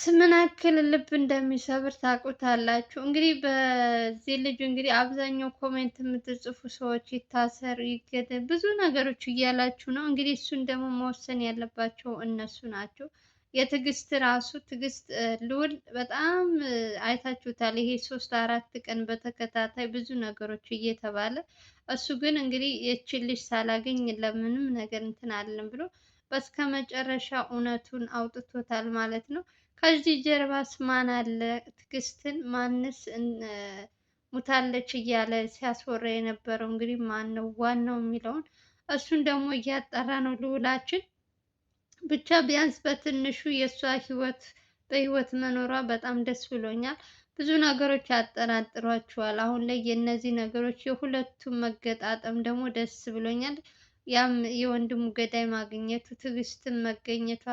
ስምን ያክል ልብ እንደሚሰብር ታውቁታላችሁ። እንግዲህ በዚህ ልጅ እንግዲህ አብዛኛው ኮሜንት የምትጽፉ ሰዎች ይታሰር፣ ይገደል፣ ብዙ ነገሮች እያላችሁ ነው። እንግዲህ እሱን ደግሞ መወሰን ያለባቸው እነሱ ናቸው። የትዕግስት ራሱ ትዕግስት ልውል በጣም አይታችሁታል። ይሄ ሶስት አራት ቀን በተከታታይ ብዙ ነገሮች እየተባለ እሱ ግን እንግዲህ የችን ልጅ ሳላገኝ ለምንም ነገር እንትን አለን ብሎ በስከ መጨረሻ እውነቱን አውጥቶታል ማለት ነው። ከዚህ ጀርባስ ማን አለ? ትዕግስትን ማንስ ሙታለች እያለ ሲያስወራ የነበረው እንግዲህ ማን ነው ዋናው የሚለውን እሱን ደግሞ እያጠራ ነው ልውላችን ብቻ ቢያንስ በትንሹ የእሷ ህይወት በህይወት መኖሯ በጣም ደስ ብሎኛል። ብዙ ነገሮች ያጠራጥሯቸዋል። አሁን ላይ የእነዚህ ነገሮች የሁለቱም መገጣጠም ደግሞ ደስ ብሎኛል። ያም የወንድሙ ገዳይ ማግኘቱ ትዕግስትም መገኘቷ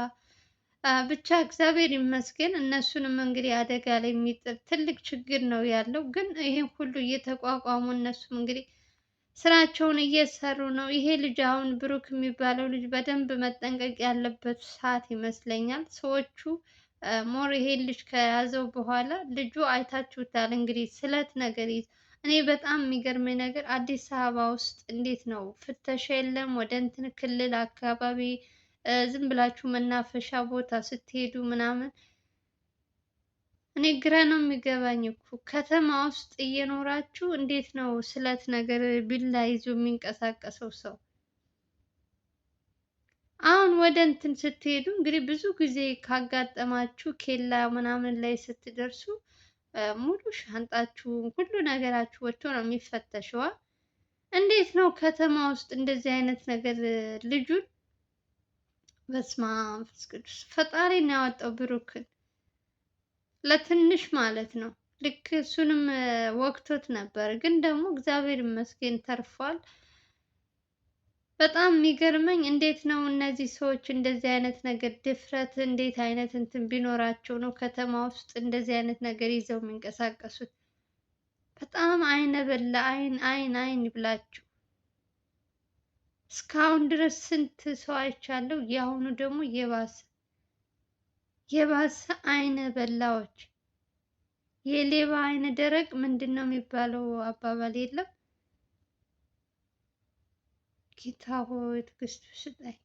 ብቻ እግዚአብሔር ይመስገን። እነሱንም እንግዲህ አደጋ ላይ የሚጥል ትልቅ ችግር ነው ያለው። ግን ይህን ሁሉ እየተቋቋሙ እነሱም እንግዲህ ስራቸውን እየሰሩ ነው። ይሄ ልጅ አሁን ብሩክ የሚባለው ልጅ በደንብ መጠንቀቅ ያለበት ሰዓት ይመስለኛል። ሰዎቹ ሞር ይሄ ልጅ ከያዘው በኋላ ልጁ አይታችሁታል እንግዲህ ስለት ነገር ይዘ እኔ በጣም የሚገርመኝ ነገር አዲስ አበባ ውስጥ እንዴት ነው ፍተሻ የለም ወደ እንትን ክልል አካባቢ ዝም ብላችሁ መናፈሻ ቦታ ስትሄዱ ምናምን እኔ ግራ ነው የሚገባኝ እኮ ከተማ ውስጥ እየኖራችሁ እንዴት ነው ስለት ነገር ቢላ ይዞ የሚንቀሳቀሰው ሰው? አሁን ወደ እንትን ስትሄዱ እንግዲህ ብዙ ጊዜ ካጋጠማችሁ ኬላ ምናምን ላይ ስትደርሱ ሙሉ ሻንጣችሁ ሁሉ ነገራችሁ ወጥቶ ነው የሚፈተሸዋ። እንዴት ነው ከተማ ውስጥ እንደዚህ አይነት ነገር ልጁን በስመ አብ መንፈስ ቅዱስ ፈጣሪ ነው ያወጣው ብሩክን ለትንሽ ማለት ነው። ልክ እሱንም ወቅቶት ነበር፣ ግን ደግሞ እግዚአብሔር ይመስገን ተርፏል። በጣም የሚገርመኝ እንዴት ነው እነዚህ ሰዎች እንደዚህ አይነት ነገር ድፍረት እንዴት አይነት እንትን ቢኖራቸው ነው ከተማ ውስጥ እንደዚህ አይነት ነገር ይዘው የሚንቀሳቀሱት? በጣም አይነ በላ አይን አይን አይን ይብላችሁ። እስካሁን ድረስ ስንት ሰው አይቻለሁ። የአሁኑ ደግሞ የባሰ የባሰ አይነ በላዎች የሌባ አይነ ደረቅ ምንድን ነው የሚባለው አባባል የለም። ጌታ ሆይ ትዕግስት ስጠኝ።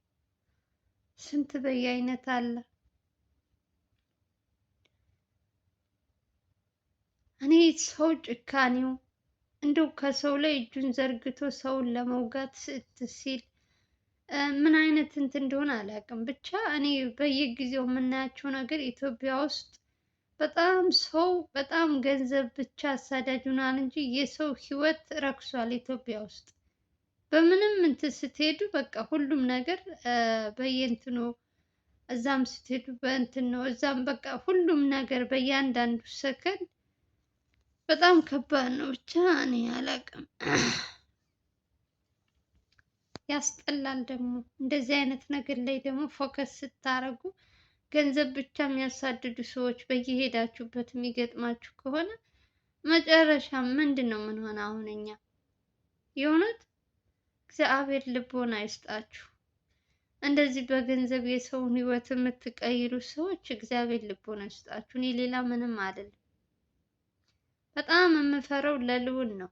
ስንት በየአይነት አለ። እኔ ሰው ጭካኔው እንደው ከሰው ላይ እጁን ዘርግቶ ሰውን ለመውጋት ስትሲል ምን አይነት እንትን እንደሆነ አላውቅም። ብቻ እኔ በየጊዜው የምናያቸው ነገር ኢትዮጵያ ውስጥ በጣም ሰው በጣም ገንዘብ ብቻ አሳዳጅ ሆኗል እንጂ የሰው ህይወት ረክሷል። ኢትዮጵያ ውስጥ በምንም እንትን ስትሄዱ በቃ ሁሉም ነገር በየእንትኑ እዛም ስትሄዱ በእንትን ነው እዛም በቃ ሁሉም ነገር በእያንዳንዱ ሰከንድ በጣም ከባድ ነው። ብቻ እኔ አላቅም። ያስጠላል። ደግሞ እንደዚህ አይነት ነገር ላይ ደግሞ ፎከስ ስታደርጉ ገንዘብ ብቻ የሚያሳድዱ ሰዎች በየሄዳችሁበት የሚገጥማችሁ ከሆነ መጨረሻ ምንድን ነው ምን ሆነ? አሁን እኛ የእውነት እግዚአብሔር ልቦና አይስጣችሁ። እንደዚህ በገንዘብ የሰውን ሕይወት የምትቀይሩ ሰዎች እግዚአብሔር ልቦና አይስጣችሁ። እኔ ሌላ ምንም አይደለም። በጣም የምፈረው ለልዑል ነው።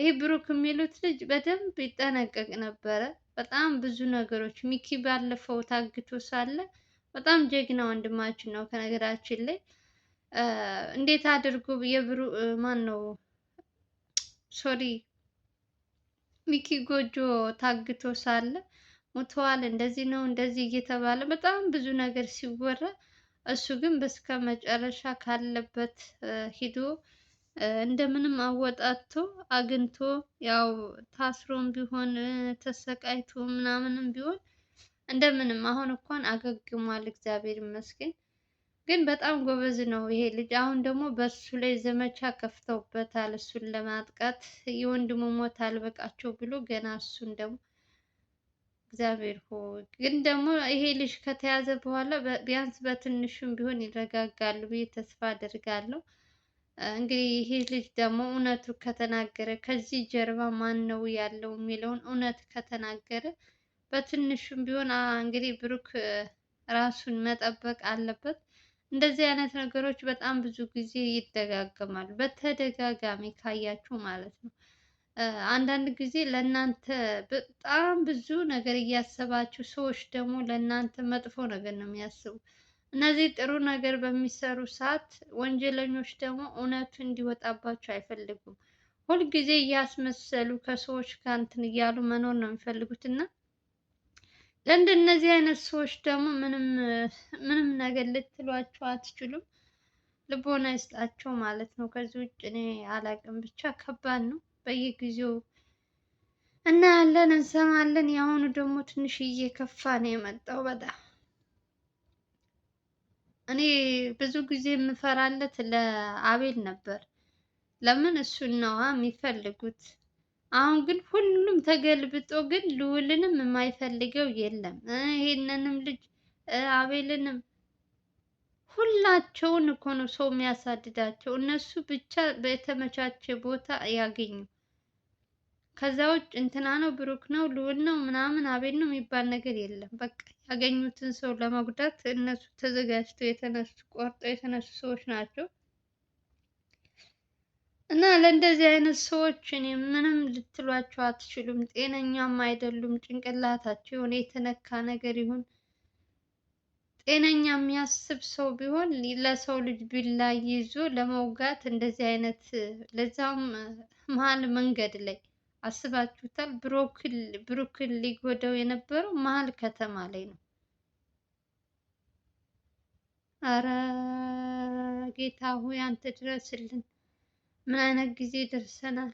ይሄ ብሩክ የሚሉት ልጅ በደንብ ይጠነቀቅ ነበረ። በጣም ብዙ ነገሮች ሚኪ ባለፈው ታግቶ ሳለ በጣም ጀግና ወንድማችን ነው። ከነገራችን ላይ እንዴት አድርጎ የብሩ ማን ነው ሶሪ ሚኪ ጎጆ ታግቶ ሳለ ሙተዋል፣ እንደዚህ ነው እንደዚህ እየተባለ በጣም ብዙ ነገር ሲወራ፣ እሱ ግን በስከ መጨረሻ ካለበት ሂዶ እንደምንም አወጣቶ አግኝቶ ያው ታስሮም ቢሆን ተሰቃይቶ ምናምንም ቢሆን እንደምንም አሁን እንኳን አገግሟል፣ እግዚአብሔር ይመስገን። ግን በጣም ጎበዝ ነው ይሄ ልጅ። አሁን ደግሞ በሱ ላይ ዘመቻ ከፍተውበታል፣ እሱን ለማጥቃት የወንድሙ ሞት አልበቃቸው ብሎ ገና እሱን ደግሞ እግዚአብሔር ሆይ። ግን ደግሞ ይሄ ልጅ ከተያዘ በኋላ ቢያንስ በትንሹም ቢሆን ይረጋጋሉ ብዬ ተስፋ አደርጋለሁ። እንግዲህ ይሄ ልጅ ደግሞ እውነቱ ከተናገረ ከዚህ ጀርባ ማን ነው ያለው የሚለውን እውነት ከተናገረ በትንሹም ቢሆን እንግዲህ ብሩክ ራሱን መጠበቅ አለበት። እንደዚህ አይነት ነገሮች በጣም ብዙ ጊዜ ይደጋገማሉ፣ በተደጋጋሚ ካያችሁ ማለት ነው። አንዳንድ ጊዜ ለእናንተ በጣም ብዙ ነገር እያሰባችሁ፣ ሰዎች ደግሞ ለእናንተ መጥፎ ነገር ነው የሚያስቡ። እነዚህ ጥሩ ነገር በሚሰሩ ሰዓት ወንጀለኞች ደግሞ እውነቱ እንዲወጣባቸው አይፈልጉም። ሁልጊዜ እያስመሰሉ ከሰዎች ጋር እንትን እያሉ መኖር ነው የሚፈልጉት እና እነዚህ አይነት ሰዎች ደግሞ ምንም ነገር ልትሏቸው አትችሉም። ልቦና ይስጣቸው ማለት ነው። ከዚህ ውጭ እኔ አላቅም። ብቻ ከባድ ነው። በየጊዜው እናያለን፣ እንሰማለን። የአሁኑ ደግሞ ትንሽ እየከፋ ነው የመጣው በጣም እኔ ብዙ ጊዜ የምፈራለት ለአቤል ነበር። ለምን እሱ ነዋ የሚፈልጉት። አሁን ግን ሁሉም ተገልብጦ፣ ግን ልውልንም የማይፈልገው የለም። ይሄንንም ልጅ አቤልንም ሁላቸውን እኮ ነው ሰው የሚያሳድዳቸው። እነሱ ብቻ በተመቻቸ ቦታ ያገኙ። ከዛ ውጭ እንትና ነው ብሩክ ነው ልውል ነው ምናምን አቤል ነው የሚባል ነገር የለም በቃ ያገኙትን ሰው ለመጉዳት እነሱ ተዘጋጅተው የተነሱ ቆርጠው የተነሱ ሰዎች ናቸው። እና ለእንደዚህ አይነት ሰዎች እኔ ምንም ልትሏቸው አትችሉም። ጤነኛም አይደሉም። ጭንቅላታቸው የሆነ የተነካ ነገር ይሁን ጤነኛ የሚያስብ ሰው ቢሆን ለሰው ልጅ ቢላ ይዞ ለመውጋት እንደዚህ አይነት ለዛም መሀል መንገድ ላይ አስባችሁታል? ብሩክን ብሩክን ሊጎዳው የነበረው መሀል ከተማ ላይ ነው። አረ ጌታ ሆይ አንተ ድረስልን። ምን አይነት ጊዜ ደርሰናል?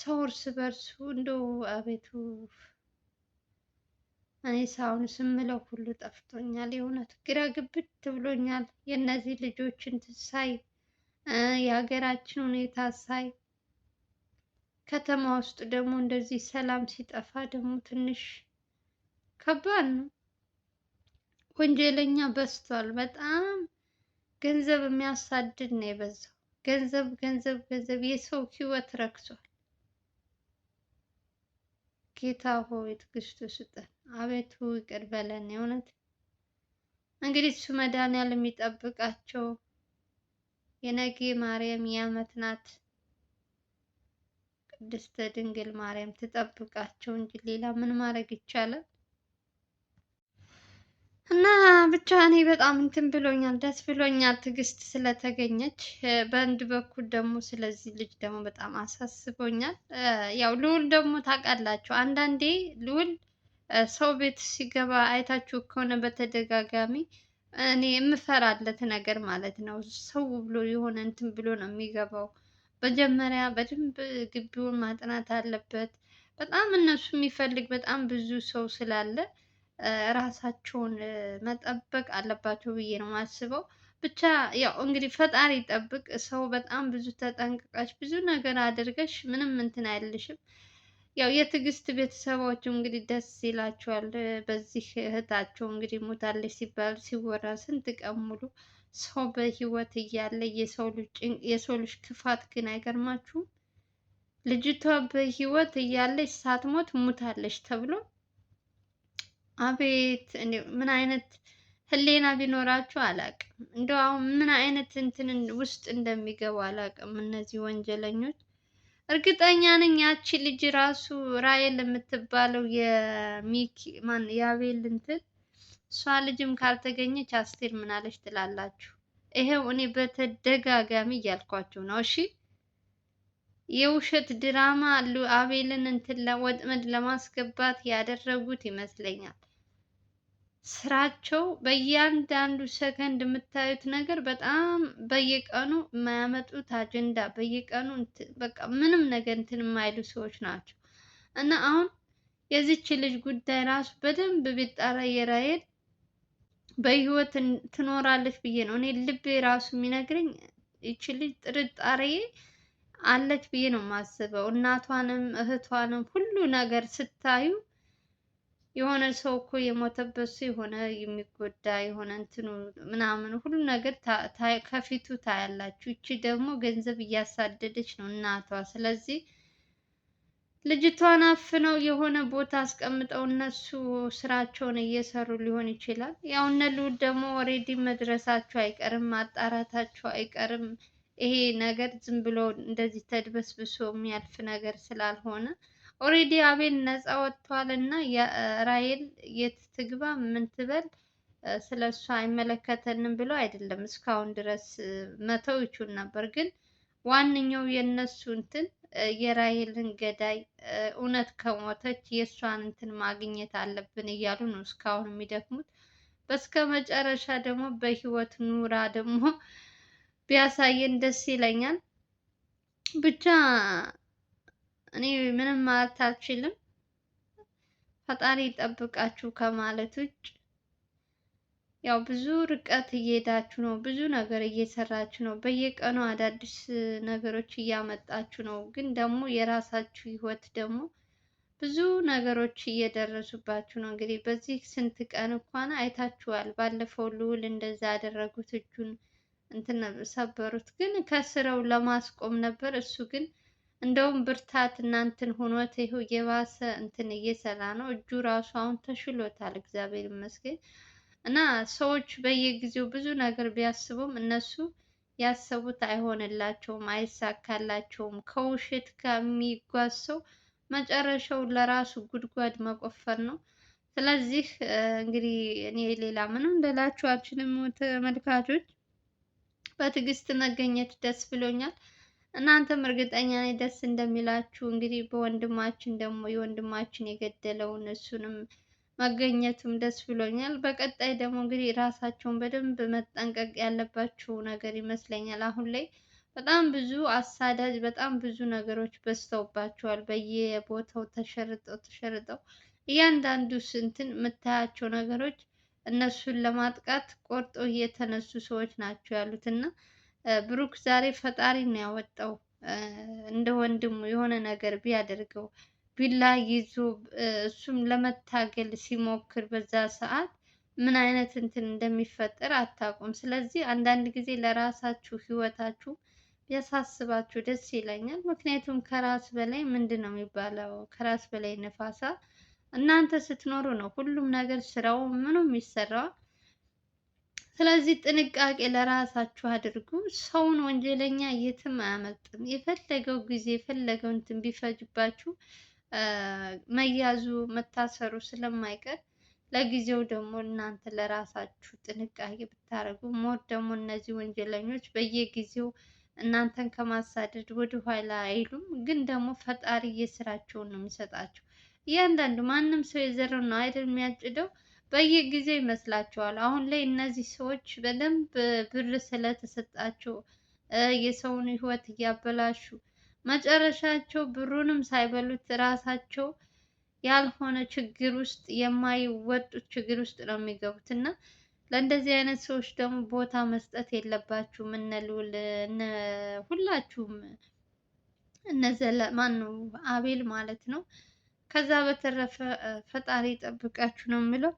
ሰው እርስ በርሱ እንደው አቤቱ እኔ ሳሁን ስምለው ሁሉ ጠፍቶኛል። የእውነት ግራ ግብት ብሎኛል። የእነዚህ ልጆችን ሳይ የሀገራችን ሁኔታ ሳይ ከተማ ውስጥ ደግሞ እንደዚህ ሰላም ሲጠፋ ደግሞ ትንሽ ከባድ ነው። ወንጀለኛ በዝቷል በጣም ገንዘብ የሚያሳድድ ነው የበዛው። ገንዘብ ገንዘብ ገንዘብ የሰው ህይወት ረክሷል። ጌታ ሆይ ትዕግስቱ ስጠን፣ አቤቱ ይቅር በለን። የእውነት እንግዲህ እሱ መድኃኒዓለም የሚጠብቃቸው የነገ ማርያም የዓመት ናት። ቅድስተ ድንግል ማርያም ትጠብቃቸው እንጂ ሌላ ምን ማድረግ ይቻላል? እና ብቻ እኔ በጣም እንትን ብሎኛል፣ ደስ ብሎኛል ትዕግስት ስለተገኘች። በአንድ በኩል ደግሞ ስለዚህ ልጅ ደግሞ በጣም አሳስቦኛል። ያው ልዑል ደግሞ ታውቃላችሁ፣ አንዳንዴ ልዑል ሰው ቤት ሲገባ አይታችሁ ከሆነ በተደጋጋሚ እኔ የምፈራለት ነገር ማለት ነው። ሰው ብሎ የሆነ እንትን ብሎ ነው የሚገባው መጀመሪያ በደንብ ግቢውን ማጥናት አለበት። በጣም እነሱ የሚፈልግ በጣም ብዙ ሰው ስላለ ራሳቸውን መጠበቅ አለባቸው ብዬ ነው የማስበው። ብቻ ያው እንግዲህ ፈጣሪ ይጠብቅ። ሰው በጣም ብዙ ተጠንቅቀሽ ብዙ ነገር አድርገሽ ምንም እንትን አይልሽም። ያው የትዕግስት ቤተሰቦች እንግዲህ ደስ ይላቸዋል። በዚህ እህታቸው እንግዲህ ሞታለች ሲባል ሲወራ ስንት ቀን ሙሉ ሰው በህይወት እያለ የሰው ልጅ ክፋት ግን አይገርማችሁም? ልጅቷ በህይወት እያለች ሳትሞት ሙታለች ተብሎ አቤት! ምን አይነት ህሌና ቢኖራችሁ አላቅም። እንደው አሁን ምን አይነት እንትን ውስጥ እንደሚገቡ አላቅም እነዚህ ወንጀለኞች እርግጠኛ ነኝ ያቺ ልጅ ራሱ ራየል የምትባለው የሚኪ ማን የአቤል እንትን እሷ ልጅም ካልተገኘች አስቴር ምናለች ትላላችሁ። ይሄው እኔ በተደጋጋሚ እያልኳችሁ ነው። እሺ የውሸት ድራማ አሉ አቤልን እንትን ለወጥመድ ለማስገባት ያደረጉት ይመስለኛል። ስራቸው በእያንዳንዱ ሰከንድ የምታዩት ነገር በጣም በየቀኑ የማያመጡት አጀንዳ በየቀኑ በቃ ምንም ነገር እንትን የማይሉ ሰዎች ናቸው። እና አሁን የዚች ልጅ ጉዳይ ራሱ በደንብ ቢጣራ የራሄል በህይወት ትኖራለች ብዬ ነው እኔ ልቤ ራሱ የሚነግረኝ። ይች ልጅ ጥርጣሬ አለች ብዬ ነው የማስበው። እናቷንም እህቷንም ሁሉ ነገር ስታዩ የሆነ ሰው እኮ የሞተበት ሰው የሆነ የሚጎዳ የሆነ እንትኑ ምናምን ሁሉ ነገር ከፊቱ ታያላችሁ። እቺ ደግሞ ገንዘብ እያሳደደች ነው እናቷ። ስለዚህ ልጅቷን አፍነው የሆነ ቦታ አስቀምጠው እነሱ ስራቸውን እየሰሩ ሊሆን ይችላል። ያው እነ ደግሞ ኦልሬዲ መድረሳቸው አይቀርም፣ ማጣራታቸው አይቀርም። ይሄ ነገር ዝም ብሎ እንደዚህ ተድበስብሶ የሚያልፍ ነገር ስላልሆነ ኦሬዲ አቤል ነፃ ወጥቷል እና ራሔል የት ትግባ ምን ትበል ስለ እሱ አይመለከተንም ብሎ አይደለም። እስካሁን ድረስ መተው ይችሉ ነበር፣ ግን ዋነኛው የእነሱ እንትን የራሄልን ገዳይ እውነት ከሞተች የእሷን እንትን ማግኘት አለብን እያሉ ነው እስካሁን የሚደክሙት። በስከ መጨረሻ ደግሞ በህይወት ኑራ ደግሞ ቢያሳየን ደስ ይለኛል ብቻ እኔ ምንም ማለት አልችልም። ፈጣሪ ይጠብቃችሁ ከማለት ውጭ ያው ብዙ ርቀት እየሄዳችሁ ነው፣ ብዙ ነገር እየሰራችሁ ነው፣ በየቀኑ አዳዲስ ነገሮች እያመጣችሁ ነው። ግን ደግሞ የራሳችሁ ህይወት ደግሞ ብዙ ነገሮች እየደረሱባችሁ ነው። እንግዲህ በዚህ ስንት ቀን እንኳን አይታችኋል። ባለፈው ልዑል እንደዛ ያደረጉት እጁን እንትን ሰበሩት፣ ግን ከስረው ለማስቆም ነበር እሱ ግን እንደውም ብርታት እናንትን ሆኖት ይሁ የባሰ እንትን እየሰራ ነው። እጁ ራሱ አሁን ተሽሎታል፣ እግዚአብሔር ይመስገን። እና ሰዎች በየጊዜው ብዙ ነገር ቢያስቡም እነሱ ያሰቡት አይሆንላቸውም፣ አይሳካላቸውም። ከውሸት ጋር የሚጓዝ ሰው መጨረሻው ለራሱ ጉድጓድ መቆፈር ነው። ስለዚህ እንግዲህ እኔ ሌላ ምንም ልላችሁ አልችልም። ተመልካቾች በትዕግስት መገኘት ደስ ብሎኛል። እናንተም እርግጠኛ ነኝ ደስ እንደሚላችሁ። እንግዲህ በወንድማችን ደግሞ የወንድማችን የገደለውን እሱንም መገኘቱም ደስ ብሎኛል። በቀጣይ ደግሞ እንግዲህ ራሳቸውን በደንብ መጠንቀቅ ያለባቸው ነገር ይመስለኛል። አሁን ላይ በጣም ብዙ አሳዳጅ፣ በጣም ብዙ ነገሮች በዝተውባቸዋል። በየቦታው ተሸርጠው ተሸርጠው እያንዳንዱ ስንትን የምታያቸው ነገሮች እነሱን ለማጥቃት ቆርጦ የተነሱ ሰዎች ናቸው ያሉት እና ብሩክ ዛሬ ፈጣሪ ነው ያወጣው። እንደ ወንድሙ የሆነ ነገር ቢያደርገው ቢላ ይዞ እሱም ለመታገል ሲሞክር በዛ ሰዓት ምን አይነት እንትን እንደሚፈጠር አታውቁም። ስለዚህ አንዳንድ ጊዜ ለራሳችሁ ህይወታችሁ ቢያሳስባችሁ ደስ ይለኛል። ምክንያቱም ከራስ በላይ ምንድን ነው የሚባለው? ከራስ በላይ ነፋሳ። እናንተ ስትኖሩ ነው ሁሉም ነገር ስራው ምኑም ይሰራዋል። ስለዚህ ጥንቃቄ ለራሳችሁ አድርጉ። ሰውን ወንጀለኛ የትም አያመልጥም። የፈለገው ጊዜ የፈለገው እንትን ቢፈጅባችሁ መያዙ መታሰሩ ስለማይቀር ለጊዜው ደግሞ እናንተ ለራሳችሁ ጥንቃቄ ብታደርጉ ሞት ደግሞ እነዚህ ወንጀለኞች በየጊዜው እናንተን ከማሳደድ ወደ ኋላ አይሉም። ግን ደግሞ ፈጣሪ የስራቸውን ነው የሚሰጣቸው። እያንዳንዱ ማንም ሰው የዘረው ነው አይደል የሚያጭደው። በየጊዜው ይመስላቸዋል። አሁን ላይ እነዚህ ሰዎች በደንብ ብር ስለተሰጣቸው የሰውን ህይወት እያበላሹ መጨረሻቸው ብሩንም ሳይበሉት ራሳቸው ያልሆነ ችግር ውስጥ የማይወጡት ችግር ውስጥ ነው የሚገቡት እና ለእንደዚህ አይነት ሰዎች ደግሞ ቦታ መስጠት የለባችሁም። እነ ልዑል ሁላችሁም እነ ዘለ ማን አቤል ማለት ነው። ከዛ በተረፈ ፈጣሪ ይጠብቃችሁ ነው የምለው።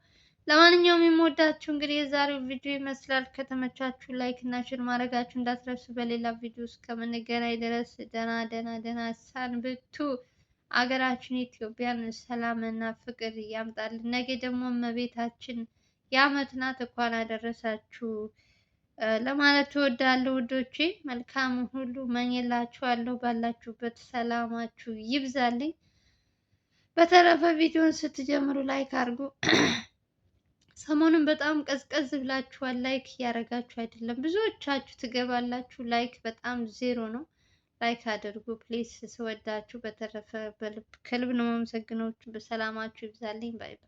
ለማንኛውም የምወዳችሁ እንግዲህ የዛሬው ቪዲዮ ይመስላል። ከተመቻችሁ ላይክ እና ሽር ማድረጋችሁ እንዳትረሱ። በሌላ ቪዲዮ እስከምንገናኝ ድረስ ደህና ደህና ደህና ሰንብቱ። አገራችን ኢትዮጵያን ሰላምና ፍቅር ያምጣልን። ነገ ደግሞ እመቤታችን የዓመት ናት። እንኳን አደረሳችሁ ለማለት እወዳለሁ ውዶቼ። መልካም ሁሉ መኝላችኋለሁ። ባላችሁበት ሰላማችሁ ይብዛልኝ። በተረፈ ቪዲዮን ስትጀምሩ ላይክ አድርጉ። ሰሞኑን በጣም ቀዝቀዝ ብላችኋል። ላይክ እያደረጋችሁ አይደለም። ብዙዎቻችሁ ትገባላችሁ። ላይክ በጣም ዜሮ ነው። ላይክ አድርጉ ፕሊስ። ስወዳችሁ። በተረፈ በልብ ከልብ ነው የማመሰግነው። በሰላማችሁ ይብዛልኝ። ባይ ባይ።